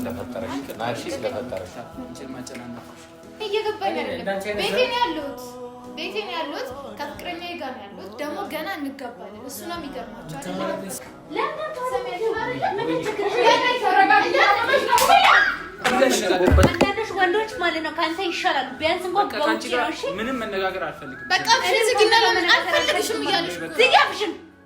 ስለፈጠረሽ ናርሲ ስለፈጠረሽ ቤቴን ያሉት ቤቴን ያሉት ከፍቅረኛ ጋር ያሉት ደግሞ ገና እንገባለን። እሱ ነው የሚገርማቸው አንዳንዶች ወንዶች ማለት ነው ከአንተ ይሻላሉ። ቢያንስ እንኳን በውጭ ነው። ምንም መነጋገር አልፈልግም። በቃ ዝጊና ለምን አልፈልግሽም እያለሽ ዝጊ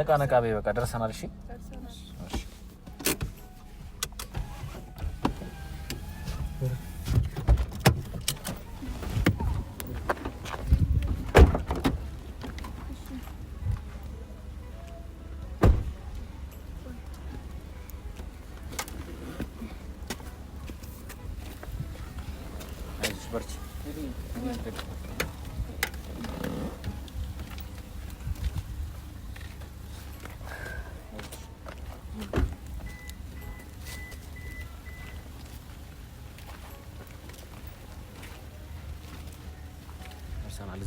ነቃ ነቃ በይ። በቃ ደርሰናል። እሺ በርቺ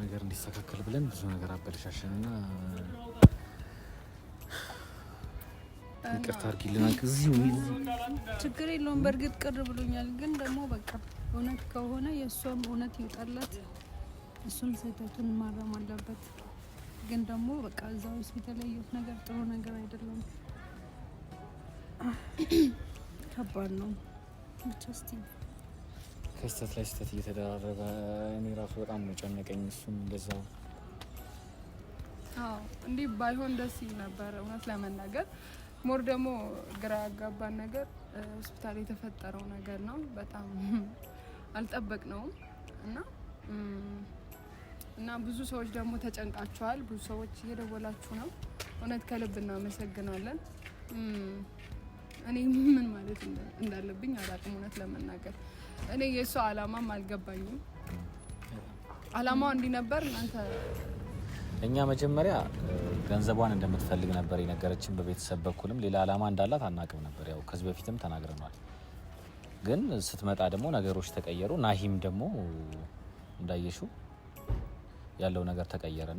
ነገር እንዲስተካከል ብለን ብዙ ነገር ይቅርታ አድርጊልናል። እዚሁ ችግር የለውም። በእርግጥ ቅር ብሎኛል፣ ግን ደግሞ በቃ እውነት ከሆነ የእሷም እውነት ይውጣላት፣ እሱም ስህተቱን ማረም አለበት። ግን ደግሞ በቃ እዛ ውስጥ የተለየት ነገር ጥሩ ነገር አይደለም። ከባድ ነው። ብቻ ስትይ ክስተት ላይ ስተት እየተደራረበ እኔ ራሱ በጣም ነው ጨነቀኝ። እሱም እንደዛው እንዲህ ባይሆን ደስ ይል ነበር እውነት ለመናገር ሞር ደግሞ ግራ ያጋባን ነገር ሆስፒታል የተፈጠረው ነገር ነው። በጣም አልጠበቅነውም እና እና ብዙ ሰዎች ደግሞ ተጨንቃችኋል። ብዙ ሰዎች እየደወላችሁ ነው። እውነት ከልብ እናመሰግናለን። እኔ ምን ማለት እንዳለብኝ አላቅም። እውነት ለመናገር እኔ የእሷ አላማም አልገባኝም። አላማው እንዲህ ነበር። እናንተ እኛ መጀመሪያ ገንዘቧን እንደምትፈልግ ነበር የነገረችን። በቤተሰብ በኩልም ሌላ አላማ እንዳላት አናቅም ነበር። ያው ከዚህ በፊትም ተናግረናል። ግን ስትመጣ ደግሞ ነገሮች ተቀየሩ። ናሂም ደግሞ እንዳየሹ ያለው ነገር ተቀየረ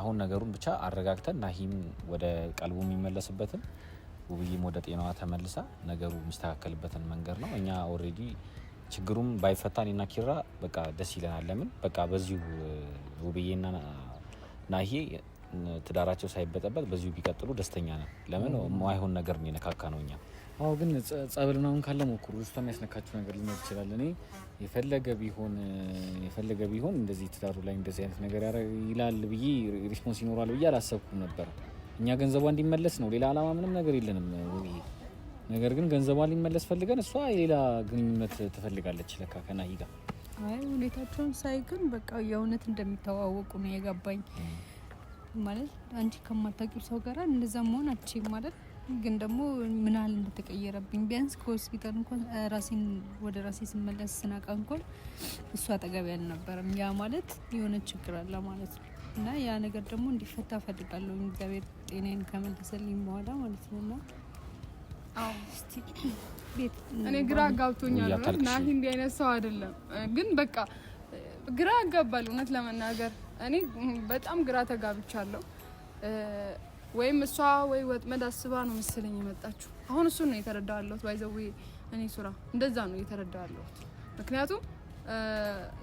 አሁን ነገሩን ብቻ አረጋግተን ናሂም ወደ ቀልቡ የሚመለስበትን ውብዬም ወደ ጤናዋ ተመልሳ ነገሩ የሚስተካከልበትን መንገድ ነው። እኛ ኦልሬዲ ችግሩም ባይፈታ እኔና ኪራ በቃ ደስ ይለናል። ለምን በቃ በዚሁ ውብዬና ናሄ ትዳራቸው ሳይበጠበት በዚሁ ቢቀጥሉ ደስተኛ ነን። ለምን ማይሆን ነገር ነው የነካካ ነው እኛ አሁ ግን ጸብል ምናምን ካለ ሞክሩ። ልጅቷ የሚያስነካቸው ነገር ሊኖር ይችላል። እኔ የፈለገ ቢሆን የፈለገ ቢሆን እንደዚህ ትዳሩ ላይ እንደዚህ አይነት ነገር ይላል ብዬ ሪስፖንስ ይኖራል ብዬ አላሰብኩም ነበር። እኛ ገንዘቧ እንዲመለስ ነው። ሌላ አላማ ምንም ነገር የለንም። ነገር ግን ገንዘቧ ሊመለስ ፈልገን እሷ የሌላ ግንኙነት ትፈልጋለች ለካ ከናሂ ጋር። አይ ሁኔታቸውን ሳይ ግን በቃ የእውነት እንደሚተዋወቁ ነው የገባኝ። ማለት አንቺ ከማታውቂው ሰው ጋር እንደዛ መሆን አቺ ማለት ግን ደግሞ ምን ያህል እንደተቀየረብኝ ቢያንስ ከሆስፒታል እንኳን ራሴን ወደ ራሴ ስመለስ ስናቃ እንኳን እሱ አጠገቢ ያልነበረም። ያ ማለት የሆነ ችግር አለ ማለት ነው። እና ያ ነገር ደግሞ እንዲፈታ ፈልጋለሁ። እግዚአብሔር ጤናዬን ከመለሰልኝ በኋላ ማለት ነው። እና እኔ ግራ አጋብቶኛል። ናሂ እንዲህ አይነት ሰው አይደለም፣ ግን በቃ ግራ አጋባል። እውነት ለመናገር እኔ በጣም ግራ ተጋብቻለሁ። ወይም እሷ ወይ ወጥመድ አስባ ነው መሰለኝ የመጣችሁ። አሁን እሱን ነው የተረዳዋለሁት። ባይዘዌ እኔ ሱራ እንደዛ ነው የተረዳዋለሁት ምክንያቱም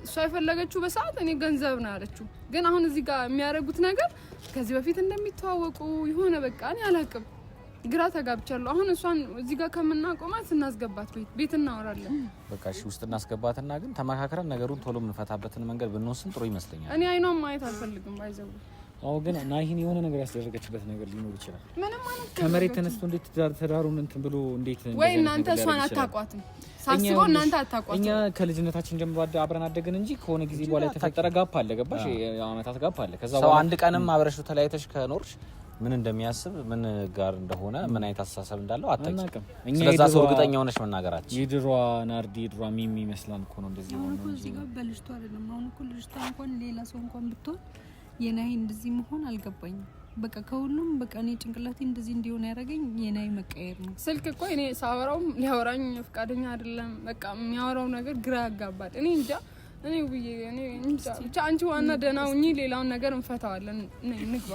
እሷ የፈለገችው በሰዓት እኔ ገንዘብ ነው ያለችው። ግን አሁን እዚህ ጋር የሚያደርጉት ነገር ከዚህ በፊት እንደሚተዋወቁ የሆነ በቃ እኔ አላቅም፣ ግራ ተጋብቻለሁ። አሁን እሷን እዚህ ጋር ከምናቆማት እናስገባት፣ ቤት ቤት እናወራለን። በቃ እሺ፣ ውስጥ እናስገባትና ግን ተመካክረን ነገሩን ቶሎ የምንፈታበትን መንገድ ብንወስን ጥሩ ይመስለኛል። እኔ አይኗን ማየት አልፈልግም ባይዘው አዎ ግን ናሂን የሆነ ነገር ያስደረገችበት ነገር ሊኖር ይችላል። ምንም አይነት ከመሬት ተነስቶ እንዴት ትዳሩን እንትን ብሎ እንዴት ወይ እናንተ እሷን አታቋትም ሳስበው እናንተ አታቋትም። እኛ ከልጅነታችን ጀምሮ አብረን አደግን እንጂ ከሆነ ጊዜ በኋላ የተፈጠረ ጋፕ አለ። ገባሽ? አመታት ጋፕ አለ። ከዛ በኋላ አንድ ቀንም አብረሽ ተለያይተሽ ከኖርሽ ምን እንደሚያስብ ምን ጋር እንደሆነ ምን አይነት አስተሳሰብ እንዳለው አታውቂም። ስለዛ ሰው እርግጠኛ ሆነሽ መናገራችን የድሯ ናርዲ የድሯ ሚሚ ይመስላል እኮ ነው እንደዚህ ሆነ ነው። እዚህ ጋር በልጅቷ አይደለም አሁን እኮ ልጅቷ እንኳን ሌላ ሰው እንኳን ብትሆን የናይ እንደዚህ መሆን አልገባኝም። በቃ ከሁሉም በቃ እኔ ጭንቅላቴ እንደዚህ እንዲሆን ያደረገኝ የናይ መቀየር ነው። ስልክ እኮ እኔ ሳወራውም ሊያወራኝ ፈቃደኛ አይደለም። በቃ የሚያወራው ነገር ግራ ያጋባል። እኔ እንጃ እኔ ውዬ እኔ ብቻ አንቺ ዋና ደህና ሁኚ፣ ሌላውን ነገር እንፈታዋለን። ንግባ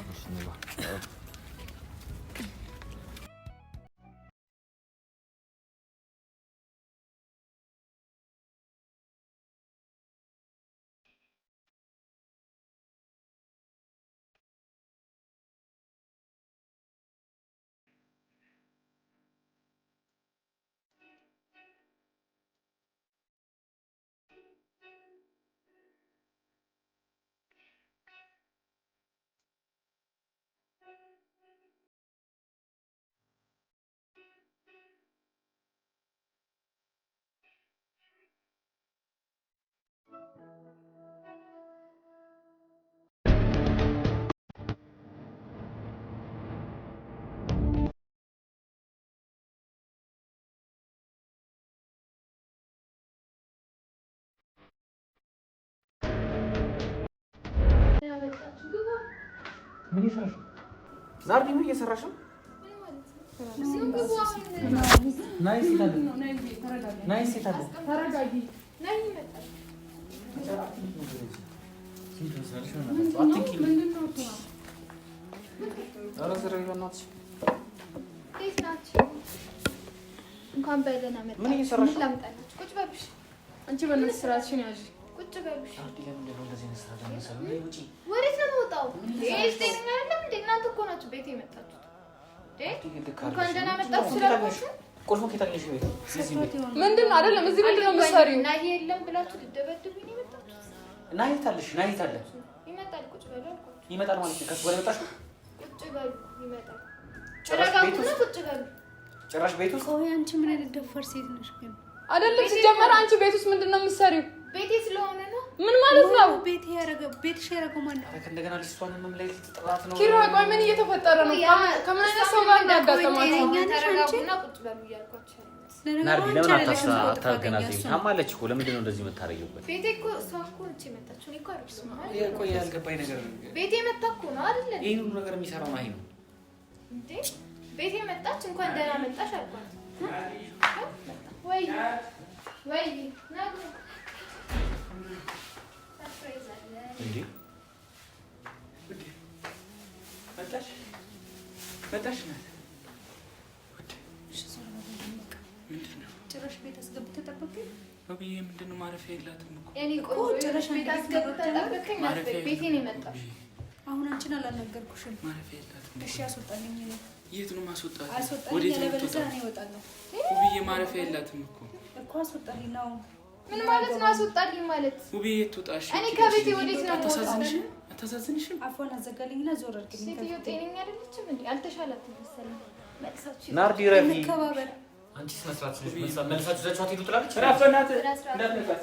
ምን ይሰራሽ? ናርዲ ምን እየሰራሽ ነው? እንኳን በደህና መጣሽ። ምን እየሰራሽ ቁጭ በልሽ። አንቺ በእናትሽ ስራሽን ያዥ ቁጭ በሉ። ወዴት ነው የምወጣው? ናችሁ ቤት የመጣችሁት። እንኳን ደህና መጣችሁ ስላልኩሽ ቁልፉን ከታገኘሽ ቤት ምንድን ነው አይደለም፣ እዚህ ምንድን ነው የምትሰሪው? ናሂ የለም ብላችሁ ልደበድቡኝ ነው የመጣችሁት? ናሂ ታለሽ፣ ናሂ ታለ ይመጣል። ቁጭ በሉ አልኳችሁ። ይመጣል ማለት ነው። ከሱ በላይ መጣሽ። ቁጭ በሉ ይመጣል። ጭራሽ ቤት ውስጥ ቆይ። አንቺ ምን አይነት ደፋር ሴት ነሽ ግን? አይደለም ሲጀመር፣ አንቺ ቤት ውስጥ ምንድን ነው የምትሰሪው? ቤቴ ስለሆነ ነው። ምን ማለት ነው? ቤቴ ያረገው ቤትሽ ነው? እንደገና ልጅቷን ምን ላይ ነው? ቆይ ምን እየተፈጠረ ነው? ከምን አይነት ሰው ጋር ለምን አታገናዘኝ? ታማለች እኮ ለምንድን ነው እንደዚህ ቤቴ እኮ እኮ መጣች። እኔ እኮ ያልገባኝ ነገር ቤቴ እኮ ነው ሁሉ ነገር የሚሰራው ነው እንዴ? ቤቴ መጣች። እንኳን ደህና መጣሽ አልኳት ወይ ወይ መጣሽ ቤት አስገብተህ ጠበቅኝ። በብዬ ምንድን ነው ማረፊያ የላትም እኮ ጭራሽ ቤት አስገብተህ ጠበቅኝ። የመጣው። አሁን አንቺን አላናገርኩሽም። ማረፊያ የላትም። እሺ አስወጣልኝ። የት ነው ማስወጣት? ወዴት ነው? ማረፊያ የላትም እኮ እኮ አስወጣልኝ ነው ምን ማለት ነው? አስወጣልኝ ማለት ውብዬ፣ ወጣሽ? እኔ ከቤቴ ወዴት ነው? አታሳዝንሽም? አፏን አዘጋልኝና ዞር አድርግልኝ። ሴትዮ ጤነኛ አይደለችም እንዴ? አልተሻላትም መሰለኝ። ናርዲ ረፊ፣ አንቺ ስነ ስርዓት መልሳችሁ ዘቻት ሄዱ ትላለች። ራፍ ናት እንዳትነካት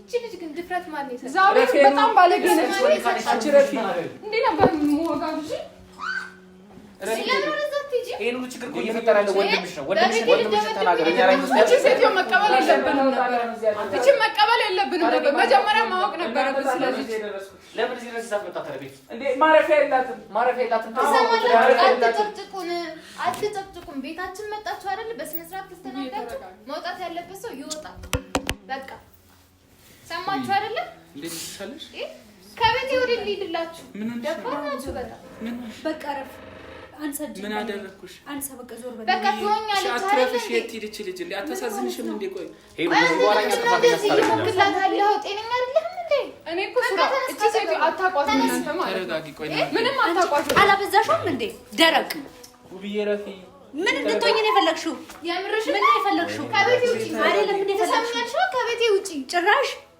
እቺ ልጅ ግን ድፍረት ማን ነው? ዛሬ በጣም ባለጌ ነች። አንቺ ረፊ እንዴ ነበር ሞጋ ልጅ ሁሉ ችግር እኮ እየፈጠረ ያለው ወንድምሽ ነው። ወንድምሽ ወንድምሽ ተናገረ። እቺ ሴትዮ መቀበል የለብንም ነበር። እቺ መቀበል የለብንም ነበር። መጀመሪያ ማወቅ ነበረ። ስለዚህ ለምን እዚህ ድረስ ዛፍ መጣ? ተረቤት እንዴ ማረፊያ የላትም፣ ማረፊያ የላትም። አትጨቅጭቁን፣ አትጨቅጭቁን። ቤታችን መጣችሁ አይደል? በስነ ስርዓት ተስተናግዳችሁ መውጣት ያለበት ሰው ይወጣል። በቃ ሰማችሁ አይደለም? እንዴት ትሻለሽ? ከቤቴ ወደ ልሂድላችሁ። ምን ናችሁ? በጣም በቃ ረፍ ምን አደረግኩሽ? በቃ አትረፍሽ። የት ሂድች ልጅ እንዴ? አታሳዝንሽም እንዴ? ቆይ ጤነኛ እንዴ? ምንም አላበዛሽም እንዴ? ደረቅ ውብዬ ረፊ ምን እንድትሆኝ ነው የፈለግሽው? የምርሽ ምን ነው የፈለግሽው? ከቤቴ ውጪ አይደለም ከቤቴ ውጪ ጭራሽ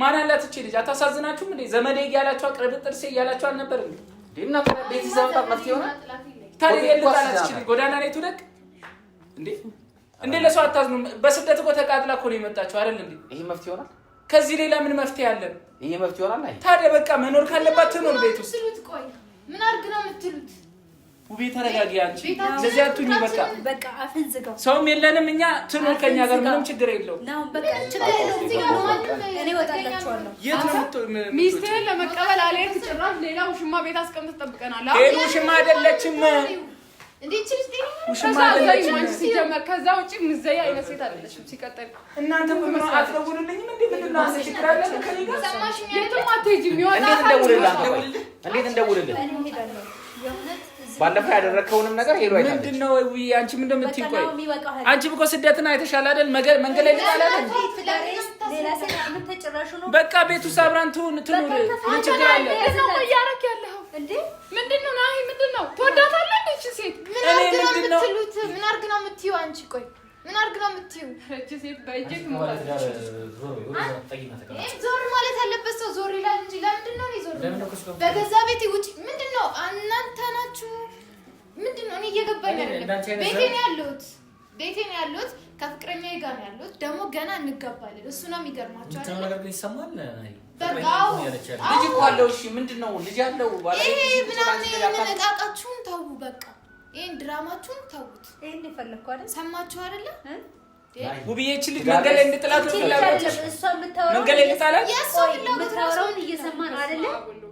ማን ያላት እቺ ልጅ አታሳዝናችሁም እንዴ? ዘመዴ እያላችሁ ቅርብ ጥርሴ እያላችሁ አልነበር እንዴ? እና ቤተሰብ መፍትሄ ሆነ ታዲያ ልጣላት እቺ ልጅ ጎዳና ላይ ትውደቅ እንዴ? እንዴ ለሰው አታዝኑ። በስደት እኮ ተቃጥላ እኮ ነው የመጣችሁ አይደል እንዴ? ይሄ መፍትሄ ይሆናል? ከዚህ ሌላ ምን መፍትሄ አለ? ይሄ መፍትሄ ሆናል። ታዲያ በቃ መኖር ካለባት ትኖር ቤት ውስጥ። ምን አድርግ ነው የምትሉት? ውቤ ተረጋጊ። አንቺ እንደዚህ አትሁኝ። በቃ ሰውም የለንም እኛ ትኖር ከኛ ጋር ምንም ችግር የለውም። ሚስትህን ለመቀበል አልሄድም። ጭራሽ ሌላ ውሽማ ቤት አስቀምጥ ጠብቀናል። ውሽማ አይደለችም። ከዛ ውጭ ምዘያ ። አይነት ሴት አይደለችም። ሲቀጥል እናንተ አትደውሉልኝም እንዴ? ምንድን ነው የትም አትሄጂም። እንዴት እንደውልልህ ባለፈው ያደረከውንም ነገር ሄዶ አይታለች። ምንድን ነው አንቺም እንደምትይ ቆይ አንቺም እኮ ስደትን አይተሻል አይደል? መንገድ ላይ ልጣላት በቃ ቤት ውስጥ አብራን ትሁን ትኑር። ምን ችግር አለ? እያረክ ያለኸው ምንድን ነው? ናሂ ምንድን ነው? ትወዳታለህ? ሴት ምን አድርግ ነው ምን አድርግ ነው የምትይው አንቺ? ቆይ ምን አድርግ ነው የምትይው? ዞር ማለት ያለበት ሰው ዞር ይላል እንጂ ለምንድን ነው ዞር? በገዛ ቤቴ ውጭ ምንድን ነው? እናንተ ናችሁ ምንድን ነው? እኔ እየገባኝ አይደለም። ቤቴ ያለሁት፣ ቤቴ ያለሁት፣ ከፍቅረኛ ጋር ነው ያለሁት። ደግሞ ገና እንገባለን እሱ ነው የሚገርማቸው። ይሰማል ልጅ አለው። ምንድን ነው ልጅ አለው። ይሄ ምናምን ምን ተዉ በቃ ይሄን ድራማችሁን ተውት። ይሄን የፈለኩ አይደል? ሰማችሁ አይደል? ውብዬችን ልጅ መንገድ ላይ እንጥላት፣ መንገድ ላይ እንጥላት። የእሷ ፍላጎት እየሰማን አይደለም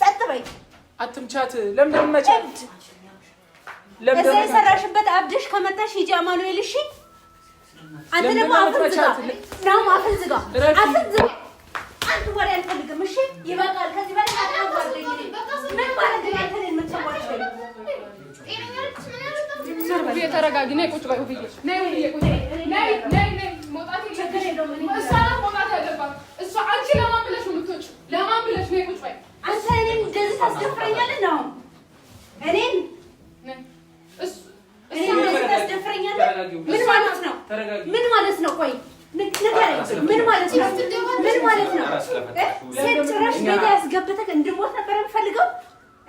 ጸጥ በይ። አትምቻት። ለምለም መቻል ለምለም የሰራሽበት አብደሽ ከመጣሽ ሂጂ አማኑኤል። እሺ አንተ ደግሞ አፍን ዝጋ ነው፣ አፍን ዝጋ፣ አፍን ዝጋ። አንተ ወሬ አልፈልግም። እሺ ይበቃል። ከዚህ በላይ አታዋርደኝ። ምን ማለት ነው? አንተ ነህ የምትሰማሽ። ተረጋጊ። ነይ ቁጭ በይ። እሷ ለማን ብለሽ ነው የምትወጪው? ለማን ብለሽ ነይ ቁጭ በይ አንተ እኔን እንደዚህ ታስደፍረኛለህ ነው? እኔን ምን ማለት ነው? ምን ማለት ምን ማለት ነው? ምን ማለት ነው? ሴት ጭራሽ ቤት ያስገብተህ እንድሞት ነበር የምፈልገው?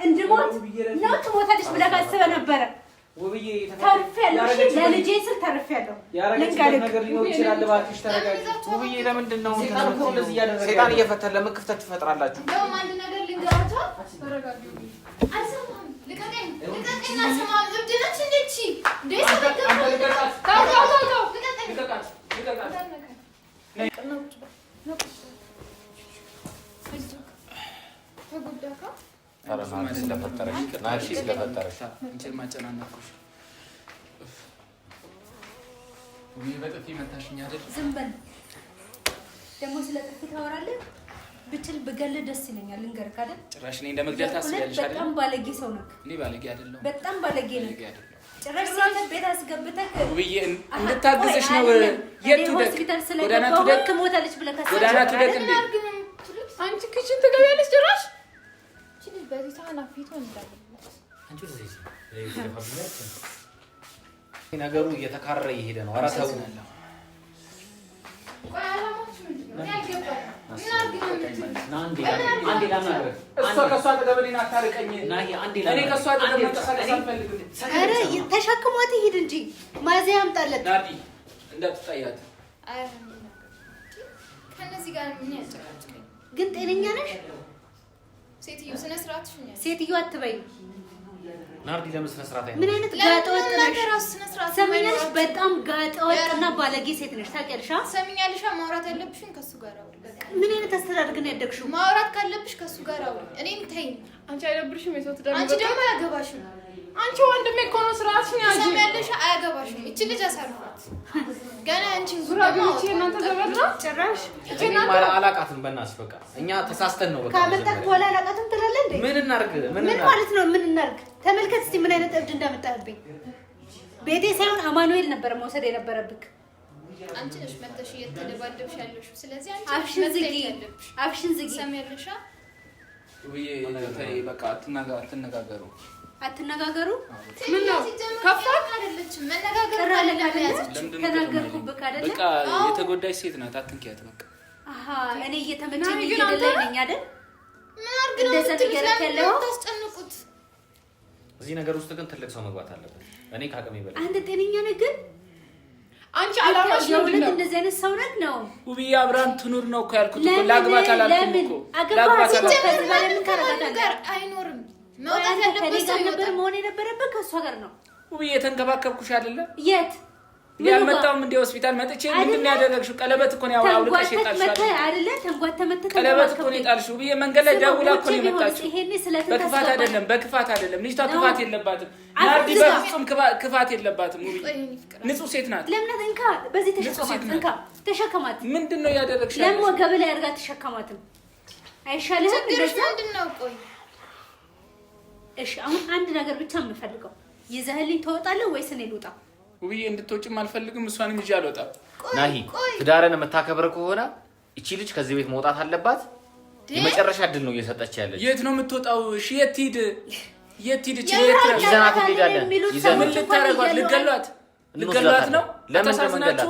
እንድሞት ነው? ትሞታለች ብለህ አስበህ ነበረ ውብዬ ለልጄ ስል ተርፌያለሁ። ውብዬ ለምንድን ነው ሴጣን እየፈተን ለምን ክፍተት ትፈጥራላችሁ? አንድ ፈረናት ስለፈጠረሽ ናሽ ደግሞ ስለ ጥፊ ታወራለህ። ብችል ብገልህ ደስ ይለኛል። ልንገርህ አይደል? ጭራሽ እኔ እንደ ታስቢያለሽ በጣም ባለጌ ሰው ነህ። እኔ ባለጌ አይደለም። በጣም ባለጌ ነህ። ጭራሽ ሰውነት ቤት አስገብተህ ውብዬ እንድታግዝሽ ነው። የቱ ደግ ጎዳና ሞታለች ብለህ ታስቢያለሽ። አንቺ ክችን ትገቢያለሽ ጭራሽ በዚህ ሰዓት ፊቷን ነገሩ እየተካረረ እየሄደ ነው። ኧረ ተሸክሟት ይሄድ እንጂ ማዘያ ያምጣለት እንዳትታያት። ግን ጤነኛ ነሽ? ሴትዮ ስነ ስርዓት ሽኛል። ሴትዮ አትበይ። ናርዲ ለምን ስነ ስርዓት አይሆንም? ምን አይነት ጋጠ ወጥ ነሽ? ሰምኛለሽ። በጣም ጋጠ ወጥ እና ባለጌ ሴት ነሽ። ታውቂያለሽ። ሰምኛለሽ። ማውራት ያለብሽን ከሱ ጋር አውሪ። ምን አይነት አስተዳደግ ነው ያደግሽው? ማውራት ካለብሽ ከሱ ጋር አውሪ። እኔም ተይኝ። አንቺ አይደብርሽም? የሰው ትዳር አንቺ ደግሞ አያገባሽም። አንቺ ወንድሜ እኮ ነው። ስርዓትሽን ያዥ። ሰምኛለሽ። አያገባሽም። እቺ ልጅ አሳርፋት ገና አንቺን ጉራቢዎች እናንተ ዘመድ ነው አላቃትም፣ በእናትሽ በቃ እኛ ተሳስተን ነው። በቃ በኋላ አላቃትም ትላለህ እንዴ? ምን እናርግ? ምን ማለት ነው? ምን እናርግ? ተመልከት እስቲ ምን አይነት እብድ እንዳመጣህብኝ። ቤቴ ሳይሆን አማኑኤል ነበረ መውሰድ የነበረብክ። አንቺ ነሽ መተሽ እየተደባደብሽ ያለሽ። ስለዚህ አንቺ አፍሽን ዝጊ፣ አፍሽን ዝጊ። ሰሚያለሻ ወይ በቃ አትነጋገሩ አትነጋገሩ። ምን ነው ከፋት? አይደለችም መነጋገር በቃ የተጎዳች ሴት ናት። አትንኪያት በቃ። አሃ እኔ እየተመቸኝ እየደለኝ ነኝ አይደል? እዚህ ነገር ውስጥ ግን ትልቅ ሰው መግባት አለበት። እኔ ከአቅሜ በላይ አንተ ጤነኛ ግን አንቺ አላማሽ ምንድን ነው? እንደዚህ አይነት ሰው ነህ ነው ውብዬ፣ አብራን ትኑር ነው እኮ ያልኩት። ላግባት አላልኩም እኮ ላግባት አላልኩም። አይኖርም ነበር መሆን የነበረበት ከእሷ ጋር ነው። ውብዬ እየተንከባከብኩሽ አይደለ? የት ያልመጣውም እንደ ሆስፒታል መጥቼ ምንድን ያደረግሽው? ቀለበት እኮ ነው ያው አውልቀሽ የጣልሽው አይደለ? ቀለበት እኮ ነው የጣልሽው። መንገድ ላይ ደውላ እኮ ነው የመጣችው። በክፋት አይደለም፣ በክፋት አይደለም። ልጅቷ ክፋት የለባትም። ናርዲ በፍጹም ክፋት የለባትም። ውብዬ ሴት ናት። ለምናት እንካ፣ በዚህ ተሸከማት፣ እንካ፣ ተሸከማት። ምንድን ነው ለምን ወገብ ላይ አድርጋ ተሸከማትም? አይሻልህም? ምንድን ነው ቆይ እሺ አሁን አንድ ነገር ብቻ የምፈልገው ይዘህልኝ ተወጣለህ ወይስ እኔ ልውጣ? ውብዬ እንድትወጭም አልፈልግም፣ እሷንም ይዤ አልወጣም። ናሂ ትዳርን የምታከብር ከሆነ እቺ ልጅ ከዚህ ቤት መውጣት አለባት። የመጨረሻ እድል ነው እየሰጠች ያለች። የት ነው የምትወጣው? እሺ የት ሂድ? የት ሂድ? እቺ የት ይዘናት እንሄዳለን? ይዘን ልታረጓት? ልገሏት? ልገሏት ነው ለምን ተሳስናችሁ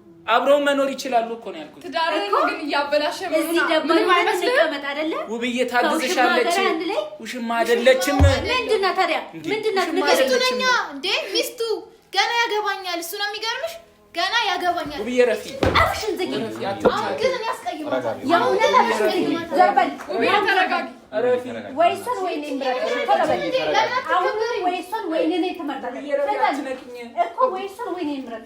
አብረው መኖር ይችላሉ እኮ ነው ያልኩት። ትዳር ግን እያበላሸ ምንም አይነት ልቀመጥ አይደለ? ውብዬ ታግዝሻለች፣ ውሽማ አይደለችም። ምንድን ታዲያ? ምንድን ነው ሚስቱ ነኛ እንዴ? ሚስቱ ገና ያገባኛል። እሱ ነው የሚገርምሽ፣ ገና ያገባኛል። ውብዬ ረፊ አፍሽን ዘጊ። አሁን ግን ያስቀይማታል። የእውነት አፍሽን ዘርበል። ውብዬ ተረጋጊ። ወይ እሷን ወይ እኔን ምረጥ እኮ ወይ እሷን ወይ እኔን ምረጥ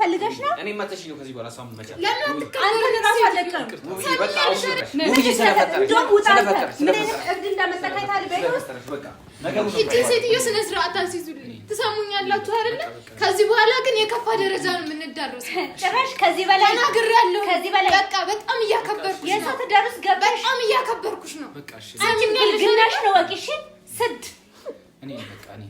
ፈልገሽ ነው? እኔ መተሽ ነው ከዚህ በኋላ ትሰሙኛላችሁ አይደለ? ከዚህ በኋላ ግን የከፋ ደረጃ ነው የምንዳረሰው። ጭራሽ ከዚህ በላይ ተናግሬያለሁ። ከዚህ በላይ በቃ በጣም እያከበርኩሽ ነው። በጣም እያከበርኩሽ ነው። ስድ እኔ በቃ እኔ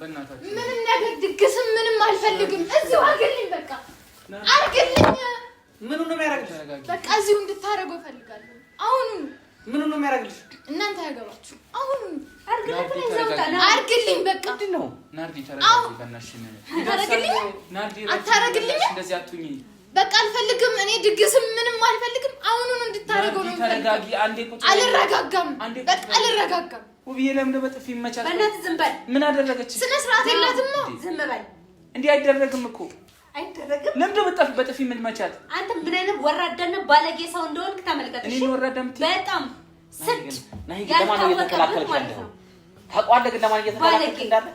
ምንም ነገር ድግስም ምንም አልፈልግም። እዚሁ አርግልኝ፣ በቃ አርግልኝ። ምኑ ነው የሚያደርግልሽ? በቃ እዚሁ እንድታደርገው እፈልጋለሁ። አሁኑኑ። ምኑ ነው የሚያደርግልሽ? እናንተ ያገባችሁ። አሁኑኑ አርግልኝ፣ በቃ አታረግልኝ። በቃ አልፈልግም። እኔ ድግስም ምንም አልፈልግም። አሁኑኑ እንድታደርገው ነው። አልረጋጋም፣ በቃ አልረጋጋም ውብዬ ለምን በጥፊ ይመቻል? በእናትህ ዝም በል። ምን አደረገች? ስነ ስርዓት የላትም። ዝም በል። እንዲህ አይደረግም እኮ አይደረግም። ለምን በጥፊ በጥፊ ምን መቻል? አንተ ምን አይነት ወራዳና ባለጌ ሰው እንደሆንክ ተመልከት። እኔ ወራዳ ምት በጣም ስድ ያልታወቀበት ማለት ነው። ታውቀዋለህ ግን ለማን እየተከላከልክ እንዳለ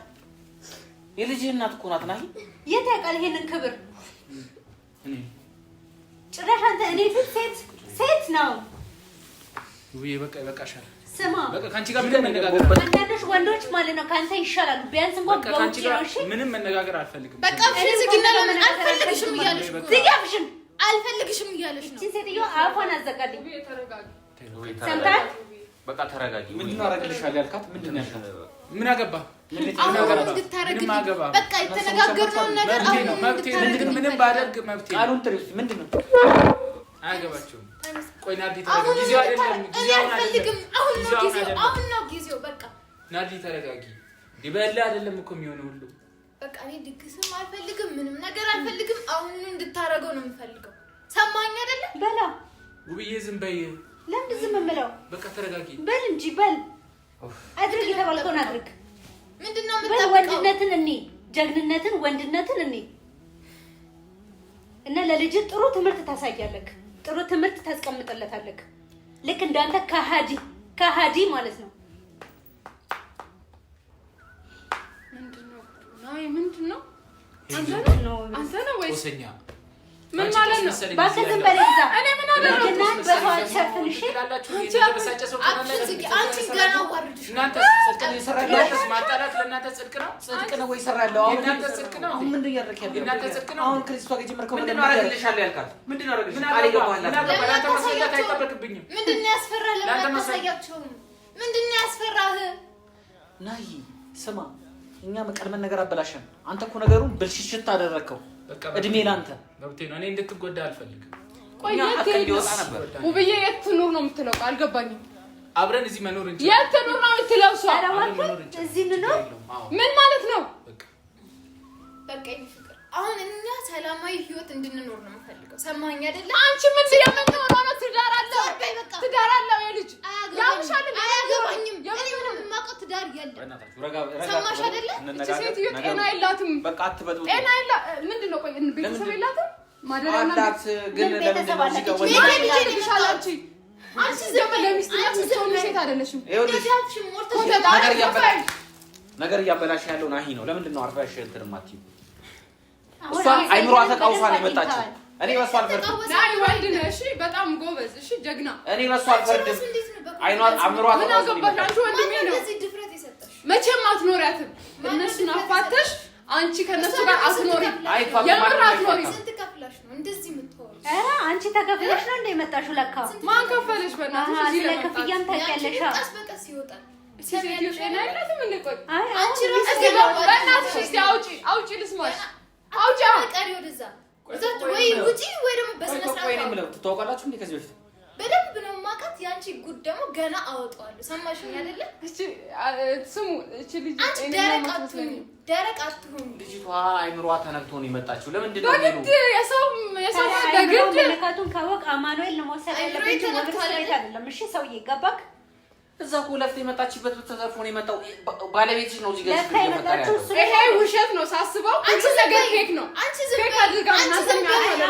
የልጅህ እናት እኮ ናት። ናሂ የት ያውቃል ይሄንን ክብር? ጭራሽ አንተ እኔ ፊት ሴት ሴት ነው ውብዬ። በቃ ይበቃሻል። ስማ ከአንቺ አንዳንዶች ወንዶች ማለት ነው ከአንተ ይሻላሉ። ቢያንስ እንኳን በውጭ ነው። እሺ ምንም መነጋገር አልፈልግም። በቃ አልፈልግሽም እያለሽ ነው። አልፈልግሽም እያለሽ ነው። ሴትዮ አፏን አዘጋልኝ። ሰምተሃል? በቃ ተረጋጊ። ምንድን ነው አደረግልሻል ያልካት? ምንድን ነው ያልካት? ምን አገባ ምንም ባደርግ መብቴ ነው። አያገባችሁም ቆይ ናርዲ ተረጋጊ። ጊዜው አይደለም፣ ጊዜው አይደለም። አሁን ነው ጊዜው፣ አሁን ነው ጊዜው። በቃ ናርዲ ተረጋጊ። ሊበላ አይደለም እኮ የሚሆነው ሁሉ። በቃ እኔ ድግስም አልፈልግም፣ ምንም ነገር አልፈልግም። አሁን እንድታረገው ነው የምፈልገው። ሰማኝ አይደለም? በላ ጉብዬ፣ ዝም በይ። ለምንድን ዝም የምለው? በቃ ተረጋጊ። በል እንጂ በል። አድርግ፣ የተባልከውን አድርግ። ምንድን ነው የምጠብቀው? ወንድነትን እኔ ጀግንነትን፣ ወንድነትን እኔ እና ለልጅ ጥሩ ትምህርት ታሳያለህ ጥሩ ትምህርት ታስቀምጥለታለህ። ልክ እንዳንተ ከሃዲ ከሃዲ ማለት ነው። ምንድን ነው ምንድን ነው አንተ ነው ወይስ ምን ማለት ነው? እባክህ ዝም በል እዛ። እኔ ምን አደረኩ? እናት በሰዋት ስማ፣ እኛ መቀድመን ነገር አበላሸን። አንተ እኮ ነገሩን ብልሽሽት አደረግከው። እድሜ ላንተ መብቴ ነው። እኔ እንድትጎዳ አልፈልግም። ቆይ ውብዬ የት ትኑር ነው የምትለው? አልገባኝም። አብረን እዚህ መኖር እንችላለን። የት ትኑር ነው የምትለው? እሷ ምን ማለት ነው? በቃ በቃ አሁን እኛ ሰላማዊ ህይወት እንድንኖር ነው የምፈልገው። ሰማኝ አይደለ? አንቺ ምን የምንሆነ ነው? ትዳር አለው ትዳር አለው የልጅ ያምሻል አያገባኝም። እኔ ምንም የማውቀው ትዳር ያለ ሰማሽ አይደለ? እቺ ሴትዮ ጤና የላትም። በቃ አትበጡ። ጤና የላ ምንድን ነው? ቆይ ቤተሰብ የላትም ማደሪያ አላት። ግን ለምንድን ነው እዚህ ጋር ወይ ይሻላል አንቺ ሴት አይደለሽም። ነገር እያበላሽ ያለውን አሂ ነው። ለምንድን ነው አርፈሽ እንትን የማትይው? እሷ አይምሯ ተቃውሷን የመጣችው እኔ በሷ አልፈርድም። ወንድ ነህ እሺ፣ በጣም ጎበዝ እሺ፣ ጀግና። እኔ በሷ አልፈርድም። አምሯ መቼም አትኖሪያትም። እነሱን አፋተሽ አንቺ ከነሱ ጋር አትኖሪ፣ የምር አትኖሪ። አንቺ ተከፍለሽ ነው እንደ የመጣሽው? ለካ ማን ከፈለሽ? በእናትሽ ላይ ክፍያም ታውቂያለሽ። አንቺ ራስሽ በእናትሽ አውጪ አውጪ ልስማሽ አውጪ አቀሪ ወደዛ እዛት ወይ ውጪ ወይ ደግሞ በስነ ስርዓት ወይ ነው እንዴ ከዚህ በፊት በደንብ ነው የማውቃት። ያንቺ ጉድ ደግሞ ገና አወጣዋለሁ። ሰማሽኝ አይደለ? እቺ ስሙ እቺ ልጅ አንቺ ደረቅ አትሁን፣ ልጅቷ አይምሯ ተነክቶ ነው የመጣችው። ለምንድን ነው በግድ የሰው የሰው በግድ መለካቱን ካወቅ አማኑኤል ነው መውሰድ ያለበት። ሰውዬ ገባክ እዛ እኮ ለፍት የመጣችበት ብትዘርፎ ነው የመጣው። ባለቤትሽ ነው እዚህ ጋር የመጣችው። ይሄ ውሸት ነው ሳስበው። አንቺ ነገር ፌክ ነው። አንቺ ዝም ብለሽ አድርጋ ራስሽ ጉዳይ ጉዳይ።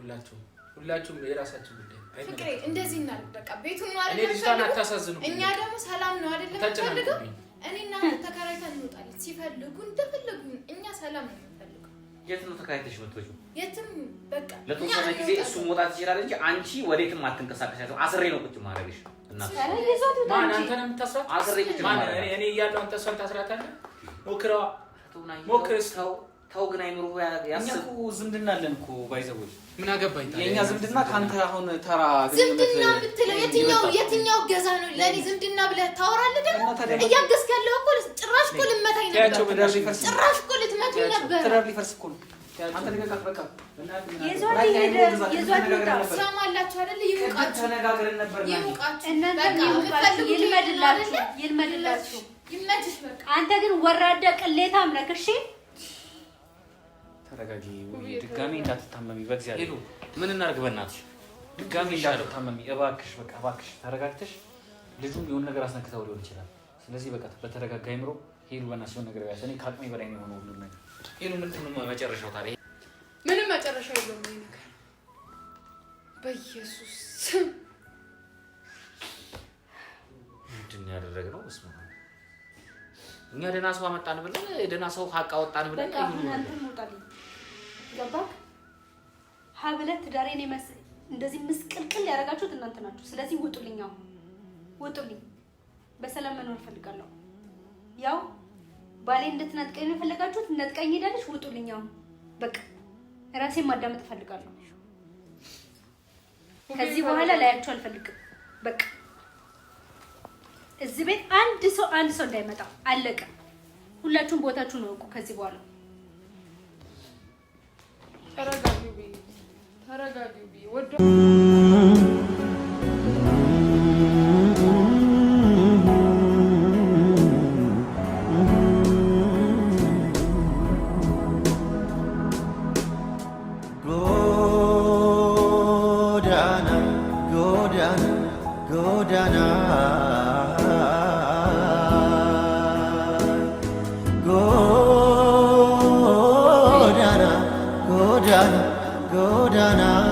ሁላችሁም ሁላችሁም የራሳችሁ ጉዳይ። ፍቅሬ እንደዚህ እናድርግ በቃ። ቤቱን ነው አታሳዝኑም። እኛ ደግሞ ሰላም ነው አይደለም። እኔ እና ተከራይታ እንወጣለን ሲፈልጉ እንደፈለጉ። እኛ ሰላም ነው የት ነው ተከራይተሽ የምትወጪው? የትም በቃ ለተወሰነ ጊዜ እሱ መውጣት ይችላል እንጂ አንቺ ወዴትም አትንቀሳቀሻትም። አስሬ ነው ቁጭ ማድረግሽ። ማን አስሬ ቁጭ እኔ ታስራታለህ። ተው ግን አይምሮ ያስብ። ዝምድና አለን እኮ ባይዘቦች ምን አገባኝ? የእኛ ዝምድና ከአንተ አሁን ተራ ዝምድና የምትለው የትኛው የትኛው ገዛ ነው? ለእኔ ዝምድና ብለህ ታወራለህ። ደግሞ እያገዝክ ያለው እኮ ጭራሽ እኮ ልመታኝ ነበር፣ ጭራሽ እኮ ልትመቱኝ ነበር። ትዳር ሊፈርስ እኮ ነው። አይደል? ይልመድላችሁ፣ ይልመድላችሁ። በቃ አንተ ግን ወራዳ ቅሌታም ተረጋጊ። ድጋሜ እንዳትታመሚ በእግዚአብሔር ምን እናድርግ? በእናትሽ ድጋሜ እንዳትታመሚ እባክሽ፣ በቃ እባክሽ፣ ተረጋግተሽ ልጁም የሆነ ነገር አስነክተው ሊሆን ይችላል። ስለዚህ በቃ በተረጋጋ አይምሮ ሄዱ በእናትሽ የሆነ ነገር ያሰ ከአቅሜ በላይ የሆነ ሁሉ ነገር ሄዱ። ምንድን ነው መጨረሻው ታዲያ? ምንም መጨረሻ የለውም ነገር በኢየሱስ ምንድን ነው ያደረግነው? ስ እኛ ደህና ሰው አመጣን ብለን ደህና ሰው ሀቅ አወጣን ብለን ገባክ ሀብለት ብለህ ትዳሬን እንደዚህ ምስቅልቅል ያደረጋችሁት እናንተ ናችሁ። ስለዚህ ውጡልኝ፣ ያው ውጡልኝ። በሰላም መኖር ፈልጋለሁ ያው ባሌ እንድትነጥቀኝ ነው የፈለጋችሁት። ነጥቀኝ ሄዳለች። ውጡልኝ፣ ያው በቃ ራሴን ማዳመጥ ፈልጋለሁ። ከዚህ በኋላ ላያችሁ አልፈልግም። በቃ እዚህ ቤት አንድ ሰው አንድ ሰው እንዳይመጣ አለቀ። ሁላችሁም ቦታችሁን እወቁ ከዚህ በኋላ ተረጋጊ፣ ተረጋጊ ወደ